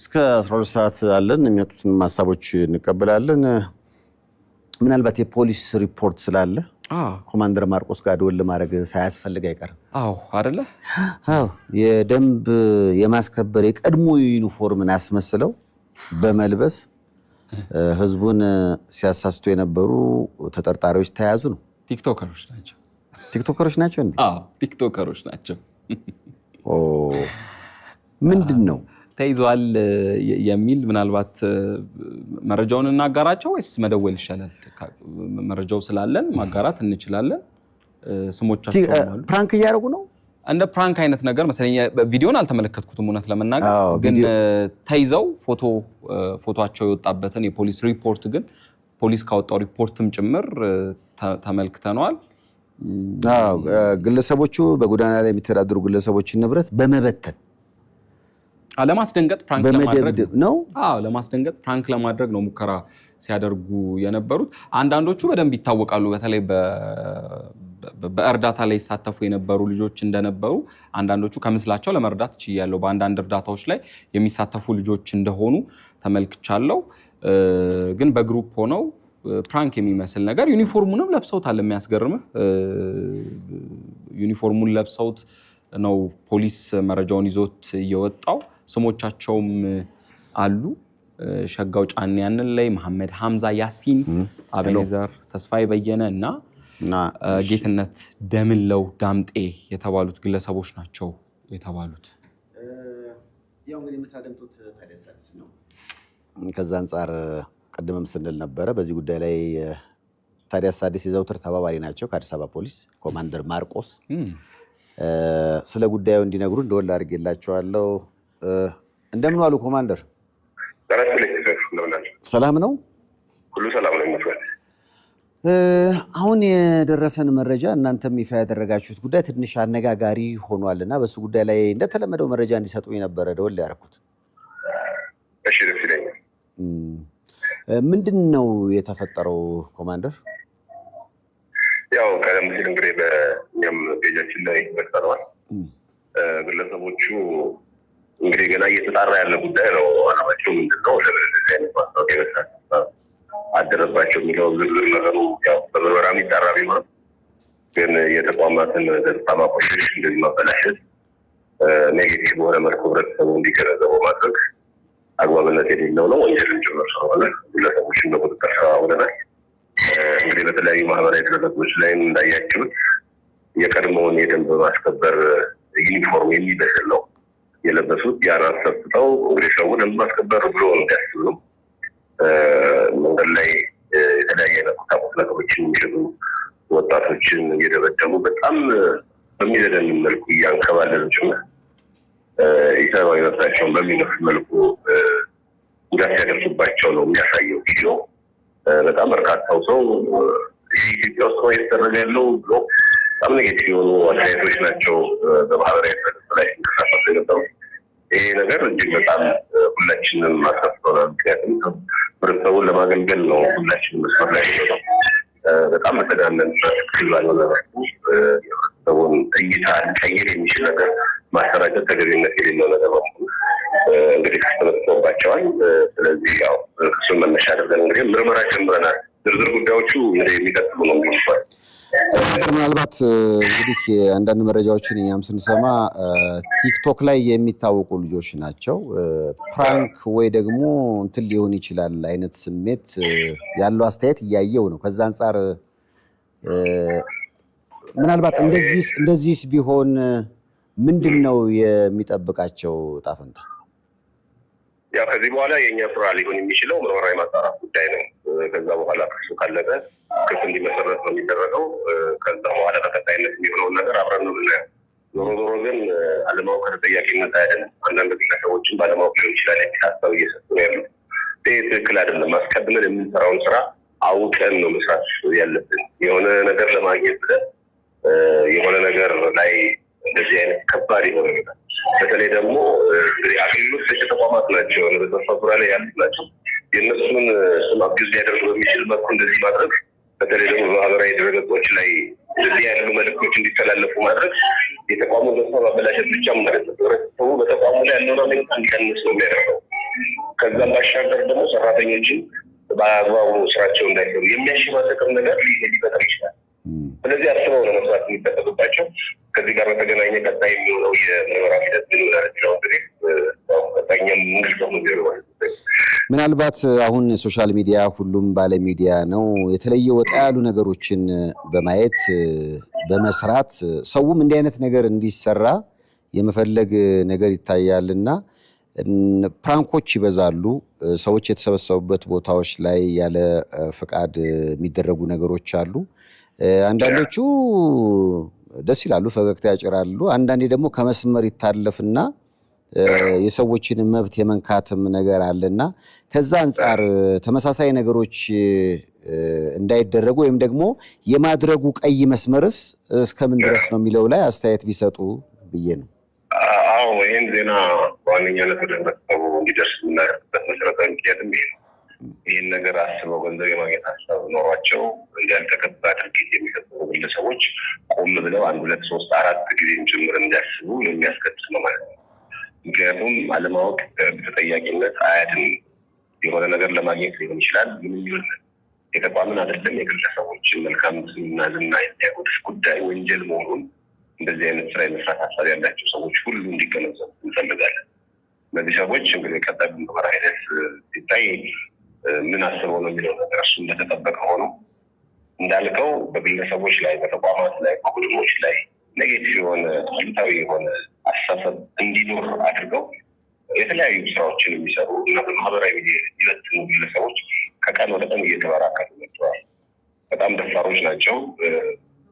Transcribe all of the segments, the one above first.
እስከ 12 ሰዓት አለን። የሚመጡትን ሀሳቦች እንቀበላለን። ምናልባት የፖሊስ ሪፖርት ስላለ ኮማንደር ማርቆስ ጋር ደወል ለማድረግ ሳያስፈልግ አይቀርም። አዎ አደለ? አዎ የደንብ የማስከበር የቀድሞ ዩኒፎርምን አስመስለው በመልበስ ህዝቡን ሲያሳስቱ የነበሩ ተጠርጣሪዎች ተያዙ ነው። ቲክቶከሮች ናቸው። ቲክቶከሮች ናቸው ቲክቶከሮች ናቸው። ምንድን ነው ተይዘዋል የሚል ምናልባት መረጃውን እናጋራቸው ወይስ መደወል ይሻላል? መረጃው ስላለን ማጋራት እንችላለን። ስሞቻቸው ፕራንክ እያደረጉ ነው እንደ ፕራንክ አይነት ነገር መሰለኝ። ቪዲዮን አልተመለከትኩትም እውነት ለመናገር ግን ተይዘው ፎቶ ፎቶቸው የወጣበትን የፖሊስ ሪፖርት ግን ፖሊስ ካወጣው ሪፖርትም ጭምር ተመልክተነዋል። ግለሰቦቹ በጎዳና ላይ የሚተዳደሩ ግለሰቦችን ንብረት በመበተን ለማስደንገጥ ፕራንክ ለማድረግ ነው። አዎ ለማስደንገጥ ፕራንክ ለማድረግ ነው ሙከራ ሲያደርጉ የነበሩት። አንዳንዶቹ በደንብ ይታወቃሉ። በተለይ በእርዳታ ላይ ይሳተፉ የነበሩ ልጆች እንደነበሩ አንዳንዶቹ ከምስላቸው ለመርዳት ችያለሁ። በአንዳንድ እርዳታዎች ላይ የሚሳተፉ ልጆች እንደሆኑ ተመልክቻለሁ። ግን በግሩፕ ሆነው ፕራንክ የሚመስል ነገር ዩኒፎርሙንም ለብሰውታል። የሚያስገርም ዩኒፎርሙን ለብሰውት ነው ፖሊስ መረጃውን ይዞት እየወጣው ስሞቻቸውም አሉ። ሸጋው ጫን ያንን ላይ መሐመድ ሐምዛ፣ ያሲን አቤኔዘር፣ ተስፋዬ በየነ እና ጌትነት ደምለው ዳምጤ የተባሉት ግለሰቦች ናቸው የተባሉት። ከዛ አንጻር ቅድምም ስንል ነበረ በዚህ ጉዳይ ላይ ታዲያስ አዲስ የዘውትር ተባባሪ ናቸው ከአዲስ አበባ ፖሊስ ኮማንደር ማርቆስ ስለ ጉዳዩ እንዲነግሩ እንደወላ አድርጌላቸዋለሁ። እንደምን አሉ ኮማንደር? ሰላም ነው ሁሉ ሰላም ነው። አሁን የደረሰን መረጃ እናንተም ይፋ ያደረጋችሁት ጉዳይ ትንሽ አነጋጋሪ ሆኗል እና በሱ ጉዳይ ላይ እንደተለመደው መረጃ እንዲሰጡ የነበረ ደወል ያደረኩት። እሺ ደስ ይለኛል። ምንድን ነው የተፈጠረው ኮማንደር? ያው ቀደም ሲል እንግዲህ በእኛም ፔጃችን ላይ ይፈጠረዋል ግለሰቦቹ እንግዲህ ገና እየተጣራ ያለ ጉዳይ ነው። አላማቸው ምንድነው ለዚህ አይነት ማስታወቂያ መስራት አደረባቸው የሚለው ዝርዝር ነገሩ ያው በምርመራ የሚጣራ ቢሆን ግን የተቋማትን ገጽታ ማቆሸሽ፣ እንደዚህ ማበላሸት፣ ኔጌቲቭ በሆነ መልኩ ህብረተሰቡ እንዲገነዘበው ማድረግ አግባብነት የሌለው ነው፣ ወንጀልም ጭምር ስለሆነ ግለሰቦችን በቁጥጥር ስር አውለናል። እንግዲህ በተለያዩ ማህበራዊ ድረገጾች ላይም እንዳያችሁት የቀድሞውን የደንብ ማስከበር ዩኒፎርም የሚበስል ነው የለበሱት የአራት ሰብጥተው ሬሻውን የማስከበር ብሎ እንዲያስብ መንገድ ላይ የተለያየ አይነት ቁሳቁስ ነገሮችን የሚሸጡ ወጣቶችን እየደበደቡ በጣም በሚዘደን መልኩ እያንከባለሉ ጭምር ኢሰብአዊ መብታቸውን በሚነፍ መልኩ ጉዳት ሲያደርሱባቸው ነው የሚያሳየው ቪዲዮ። በጣም በርካታው ሰው ኢትዮጵያ ውስጥ የተደረገ ያለው ብሎ በጣም ኔጌቲቭ የሆኑ አስተያየቶች ናቸው በማህበራዊ ላይ ሲንቀሳቀሱ የነበሩ። ይሄ ነገር እጅግ በጣም ሁላችንም አሳስበናል። ምክንያቱም ህብረተሰቡን ለማገልገል ነው ሁላችን መስመር ላይ ነው። በጣም በተጋነን ትክክል ባልሆነ የህብረተሰቡን እይታ ሊቀይር የሚችል ነገር ማሰራጨት ተገቢነት የሌለው ነገር ነው። እንግዲህ ክስ ተመስርቶባቸዋል። ስለዚህ ያው ክሱን መነሻ አድርገን እንግዲህ ምርመራ ጀምረናል። ዝርዝር ጉዳዮቹ እንግዲህ የሚቀጥሉ ነው ሚባል ምናልባት እንግዲህ አንዳንድ መረጃዎችን እኛም ስንሰማ ቲክቶክ ላይ የሚታወቁ ልጆች ናቸው። ፕራንክ ወይ ደግሞ እንትን ሊሆን ይችላል አይነት ስሜት ያለው አስተያየት እያየው ነው። ከዛ አንጻር ምናልባት እንደዚህስ ቢሆን ምንድን ነው የሚጠብቃቸው ጣፈንታ? ያው ከዚህ በኋላ የእኛ ስራ ሊሆን የሚችለው ምርመራ የማጣራት ጉዳይ ነው። ከዛ በኋላ ክሱ ካለቀ ክስ እንዲመሰረት ነው የሚደረገው። ከዛ በኋላ ተቀጣይነት የሚሆነውን ነገር አብረን ነው ምናየው። ዞሮ ዞሮ ግን አለማወቅ ከተጠያቂነት አይደለም። አንዳንድ ግለሰቦችን ባለማወቅ ሊሆን ይችላል የሚል ሀሳብ እየሰጡ ነው ያሉት። ይህ ትክክል አይደለም። አስቀድመን የምንሰራውን ስራ አውቀን ነው መስራት ያለብን። የሆነ ነገር ለማግኘት ብለን የሆነ ነገር ላይ እንደዚህ አይነት ከባድ የሆነ ነገር በተለይ ደግሞ አገልግሎት ሰጪ ተቋማት ናቸው፣ በተፈጥሮ ላይ ያሉት ናቸው የእነሱን ስም አቢዝ ሊያደርግ በሚችል መልኩ እንደዚህ ማድረግ በተለይ ደግሞ በማህበራዊ ድረገጾች ላይ እንደዚህ ያሉ መልክቶች እንዲተላለፉ ማድረግ የተቋሙ ገጽታ ማበላሸት ብቻ ማለት ነው። ህብረተሰቡ በተቋሙ ላይ ያለውን አመኔታ እንዲቀንስ ነው የሚያደርገው። ከዛም ባሻገር ደግሞ ሰራተኞችን በአግባቡ ስራቸው እንዳይሰሩ የሚያሸማቀቅም ነገር ሊፈጠር ይችላል። ስለዚህ አስበው ነው መስራት የሚጠበቅባቸው። ከዚህ ጋር በተገናኘ ቀጣይ የሚሆነው የምርመራ ሂደት ምን ሆናል የሚለው እንግዲህ ቀጣይኛም ነው ማለት ነው። ምናልባት አሁን ሶሻል ሚዲያ ሁሉም ባለሚዲያ ነው። የተለየ ወጣ ያሉ ነገሮችን በማየት በመስራት ሰውም እንዲህ አይነት ነገር እንዲሰራ የመፈለግ ነገር ይታያልና ፕራንኮች ይበዛሉ። ሰዎች የተሰበሰቡበት ቦታዎች ላይ ያለ ፍቃድ የሚደረጉ ነገሮች አሉ። አንዳንዶቹ ደስ ይላሉ፣ ፈገግታ ያጭራሉ። አንዳንዴ ደግሞ ከመስመር ይታለፍና የሰዎችን መብት የመንካትም ነገር አለና ከዛ አንጻር ተመሳሳይ ነገሮች እንዳይደረጉ ወይም ደግሞ የማድረጉ ቀይ መስመርስ እስከምን ድረስ ነው የሚለው ላይ አስተያየት ቢሰጡ ብዬ ነው። አዎ ይህን ዜና በዋነኛነት ወደ ህብረተሰቡ እንዲደርስ የምናደርግበት መሰረታዊ ምክንያትም ይሄ ነው። ይህን ነገር አስበው ገንዘብ የማግኘት ሀሳብ ኖሯቸው እንዳልተገባ ድርጊት የሚፈጽሙ ግለሰቦች ቆም ብለው አንድ ሁለት ሶስት አራት ጊዜም ጭምር እንዲያስቡ የሚያስከትል ነው ማለት ነው። ምክንያቱም አለማወቅ በተጠያቂነት አያድን የሆነ ነገር ለማግኘት ሊሆን ይችላል። ምንም ይሁን የተቋምን አይደለም የግለሰቦችን መልካም ስምና ዝና የሚያጎድፍ ጉዳይ ወንጀል መሆኑን እንደዚህ አይነት ስራ የመስራት ሀሳብ ያላቸው ሰዎች ሁሉ እንዲገነዘቡ እንፈልጋለን። እነዚህ ሰዎች እንግዲህ ቀጣይ ምርመራ ሂደት ሲታይ ምን አስበው ነው የሚለው ነገር እሱ እንደተጠበቀ ሆኖ እንዳልከው በግለሰቦች ላይ፣ በተቋማት ላይ፣ በቡድኖች ላይ ኔጌቲቭ የሆነ አሉታዊ የሆነ አስተሳሰብ እንዲኖር አድርገው የተለያዩ ስራዎችን የሚሰሩ እና በማህበራዊ ሚለትኑ ግለሰቦች ከቀን ወደ ቀን እየተበራከቱ መጥተዋል። በጣም ደፋሮች ናቸው።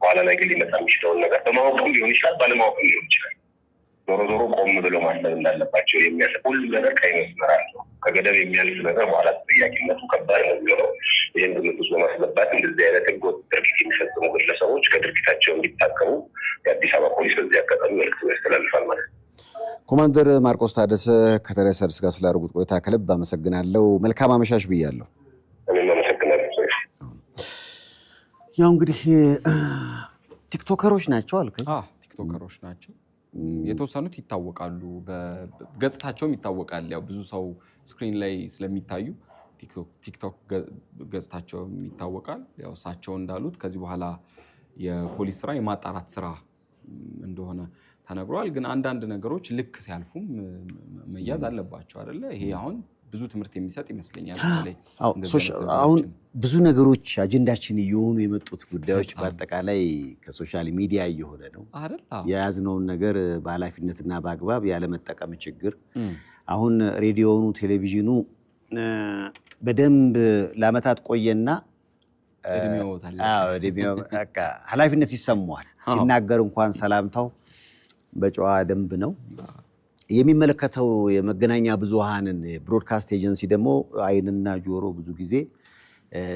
በኋላ ላይ ግን ሊመጣ የሚችለውን ነገር በማወቅም ሊሆን ይችላል፣ ባለማወቅም ሊሆን ይችላል። ዞሮ ዞሮ ቆም ብሎ ማሰብ እንዳለባቸው የሚያስ ሁሉ ነገር ቀይ መስመር አለው። ከገደብ የሚያልፍ ነገር በኋላ ተጠያቂነቱ ከባድ ነው የሚሆነው። ይህን ግምት ውስጥ በማስገባት እንደዚህ አይነት ህገወጥ ድርጊት የሚፈጽሙ ግለሰቦች ከድርጊታቸው እንዲታቀሙ የአዲስ አበባ ፖሊስ በዚህ አጋጣሚ መልዕክት ያስተላልፋል ማለት ነው። ኮማንደር ማርቆስ ታደሰ ከተረሰርስ ጋር ስላደረጉት ቆይታ ከልብ አመሰግናለሁ። መልካም አመሻሽ ብያለሁ። እኔም አመሰግናለሁ። ያው እንግዲህ ቲክቶከሮች ናቸው አልከኝ። ቲክቶከሮች ናቸው የተወሰኑት ይታወቃሉ፣ ገጽታቸውም ይታወቃል። ያው ብዙ ሰው ስክሪን ላይ ስለሚታዩ ቲክቶክ ገጽታቸውም ይታወቃል። ያው እሳቸው እንዳሉት ከዚህ በኋላ የፖሊስ ስራ የማጣራት ስራ እንደሆነ ተነግሯል። ግን አንዳንድ ነገሮች ልክ ሲያልፉም መያዝ አለባቸው አይደለ? ይሄ አሁን ብዙ ትምህርት የሚሰጥ ይመስለኛል። አሁን ብዙ ነገሮች አጀንዳችን እየሆኑ የመጡት ጉዳዮች በአጠቃላይ ከሶሻል ሚዲያ እየሆነ ነው። የያዝነውን ነገር በኃላፊነትና በአግባብ ያለመጠቀም ችግር አሁን ሬዲዮኑ ቴሌቪዥኑ በደንብ ለአመታት ቆየና ኃላፊነት ይሰማዋል። ሲናገር እንኳን ሰላምታው በጨዋ ደንብ ነው። የሚመለከተው የመገናኛ ብዙሃንን ብሮድካስት ኤጀንሲ ደግሞ አይንና ጆሮ ብዙ ጊዜ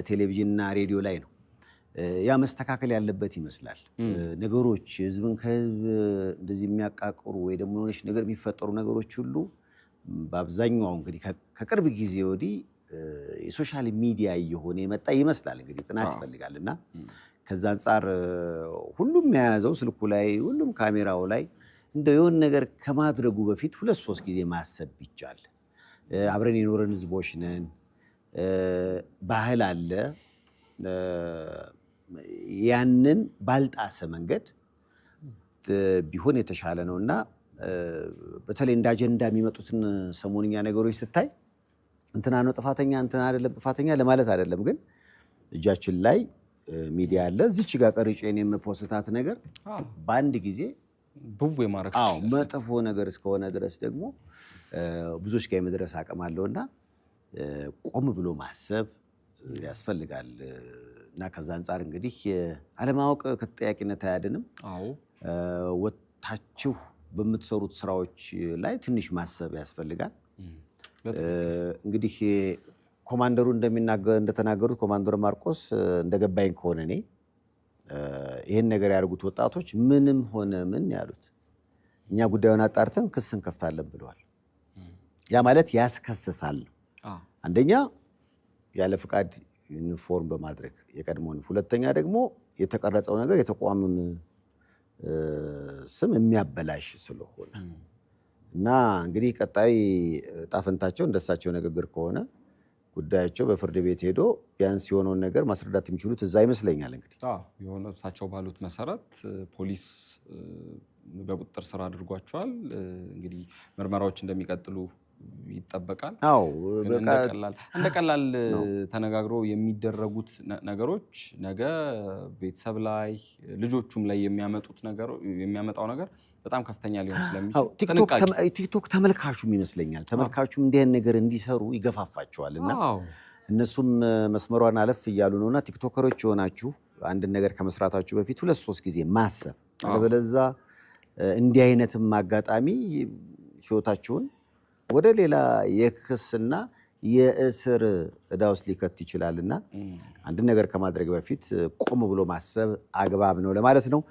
ቴሌቪዥንና ሬዲዮ ላይ ነው። ያ መስተካከል ያለበት ይመስላል። ነገሮች ህዝብን ከህዝብ እንደዚህ የሚያቃቅሩ ወይ ደግሞ የሆነች ነገር የሚፈጠሩ ነገሮች ሁሉ በአብዛኛው እንግዲህ ከቅርብ ጊዜ ወዲህ የሶሻል ሚዲያ እየሆነ የመጣ ይመስላል። እንግዲህ ጥናት ይፈልጋል እና ከዛ አንጻር ሁሉም የያዘው ስልኩ ላይ ሁሉም ካሜራው ላይ እንደ የሆን ነገር ከማድረጉ በፊት ሁለት ሶስት ጊዜ ማሰብ ይቻል። አብረን የኖረን ህዝቦች ነን። ባህል አለ። ያንን ባልጣሰ መንገድ ቢሆን የተሻለ ነው እና በተለይ እንደ አጀንዳ የሚመጡትን ሰሞንኛ ነገሮች ስታይ እንትና ነው ጥፋተኛ፣ እንትና አይደለም ጥፋተኛ ለማለት አይደለም። ግን እጃችን ላይ ሚዲያ አለ። እዚች ጋር ቀርጬ እኔም የምፖስታት ነገር በአንድ ጊዜ ብቡ የማድረግ መጥፎ ነገር እስከሆነ ድረስ ደግሞ ብዙዎች ጋር የመድረስ አቅም እና ቆም ብሎ ማሰብ ያስፈልጋል እና ከዛ አንጻር እንግዲህ አለማወቅ ከተጠያቂነት አያድንም። ወታችሁ በምትሰሩት ስራዎች ላይ ትንሽ ማሰብ ያስፈልጋል። እንግዲህ ኮማንደሩ እንደተናገሩት ኮማንደር ማርቆስ እንደገባኝ ከሆነ እኔ ይህን ነገር ያደርጉት ወጣቶች ምንም ሆነ ምን ያሉት እኛ ጉዳዩን አጣርተን ክስ እንከፍታለን ብለዋል። ያ ማለት ያስከስሳል። አንደኛ ያለ ፍቃድ ዩኒፎርም በማድረግ የቀድሞን፣ ሁለተኛ ደግሞ የተቀረጸው ነገር የተቋሙን ስም የሚያበላሽ ስለሆነ እና እንግዲህ ቀጣይ ጣፈንታቸው እንደሳቸው ንግግር ከሆነ ጉዳያቸው በፍርድ ቤት ሄዶ ቢያንስ የሆነውን ነገር ማስረዳት የሚችሉት እዛ ይመስለኛል። እንግዲህ የሆነ እሳቸው ባሉት መሰረት ፖሊስ በቁጥጥር ስር አድርጓቸዋል። እንግዲህ ምርመራዎች እንደሚቀጥሉ ይጠበቃል። አዎ እንደ ቀላል ተነጋግሮ የሚደረጉት ነገሮች ነገ ቤተሰብ ላይ ልጆቹም ላይ የሚያመጡት የሚያመጣው ነገር በጣም ከፍተኛ ሊሆን ስለሚችል ቲክቶክ ተመልካቹም ይመስለኛል ተመልካቹም እንዲህን ነገር እንዲሰሩ ይገፋፋቸዋል እና እነሱም መስመሯን አለፍ እያሉ ነውእና ቲክቶከሮች የሆናችሁ አንድን ነገር ከመስራታችሁ በፊት ሁለት ሶስት ጊዜ ማሰብ፣ አለበለዛ እንዲህ አይነትም አጋጣሚ ህይወታችሁን ወደ ሌላ የክስና የእስር እዳውስ ውስጥ ሊከት እና አንድን ነገር ከማድረግ በፊት ቆም ብሎ ማሰብ አግባብ ነው ለማለት ነው።